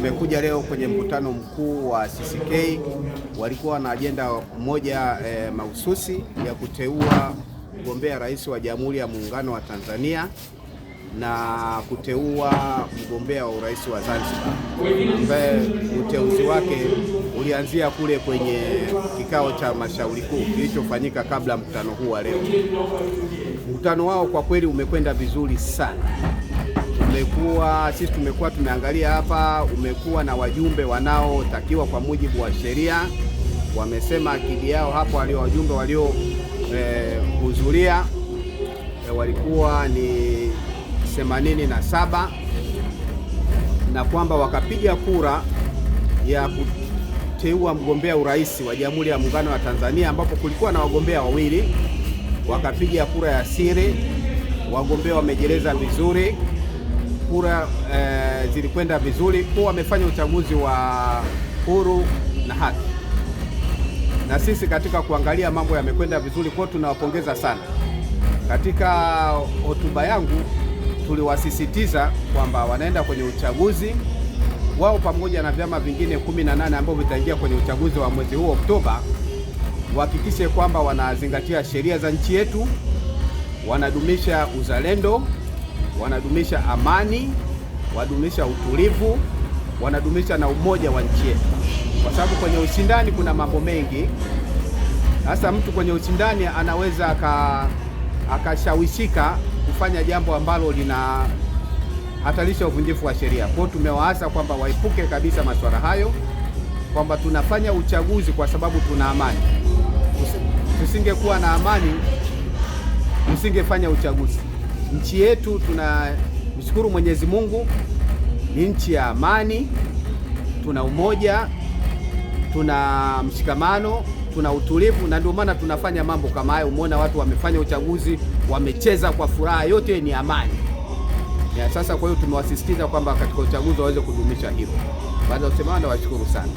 Tumekuja leo kwenye mkutano mkuu wa CCK, walikuwa na ajenda moja e, mahususi ya kuteua mgombea rais wa Jamhuri ya Muungano wa Tanzania na kuteua mgombea wa urais wa Zanzibar ambaye uteuzi wake ulianzia kule kwenye kikao cha halmashauri kuu kilichofanyika kabla mkutano huu wa leo. Mkutano wao kwa kweli umekwenda vizuri sana umekuwa sisi tumekuwa tumeangalia hapa, umekuwa na wajumbe wanaotakiwa kwa mujibu wa sheria. Wamesema akili yao hapo, walio wajumbe waliohudhuria eh, e, eh, e, walikuwa ni themanini na saba na kwamba wakapiga kura ya kuteua mgombea urais wa Jamhuri ya Muungano wa Tanzania, ambapo kulikuwa na wagombea wawili, wakapiga kura ya siri. Wagombea wamejeleza vizuri kura e, zilikwenda vizuri, kuwa wamefanya uchaguzi wa huru na haki, na sisi katika kuangalia mambo yamekwenda vizuri kwao, tunawapongeza sana. Katika hotuba yangu tuliwasisitiza kwamba wanaenda kwenye uchaguzi wao pamoja na vyama vingine 18 ambao vitaingia kwenye uchaguzi wa mwezi huu Oktoba, wahakikishe kwamba wanazingatia sheria za nchi yetu, wanadumisha uzalendo wanadumisha amani, wanadumisha utulivu, wanadumisha na umoja wa nchi yetu, kwa sababu kwenye ushindani kuna mambo mengi. Sasa mtu kwenye ushindani anaweza akashawishika kufanya jambo ambalo lina hatarisha uvunjifu wa sheria. Kwa hiyo tumewaasa kwamba waepuke kabisa masuala hayo, kwamba tunafanya uchaguzi kwa sababu tuna amani. Tusingekuwa na amani, tusingefanya uchaguzi. Nchi yetu tunamshukuru Mwenyezi Mungu, ni nchi ya amani, tuna umoja, tuna mshikamano, tuna utulivu, na ndio maana tunafanya mambo kama hayo. Umeona watu wamefanya uchaguzi, wamecheza kwa furaha, yote ni amani ya sasa. Kwa hiyo tumewasisitiza kwamba katika uchaguzi waweze kudumisha hilo. Baada ya kusema, nawashukuru sana.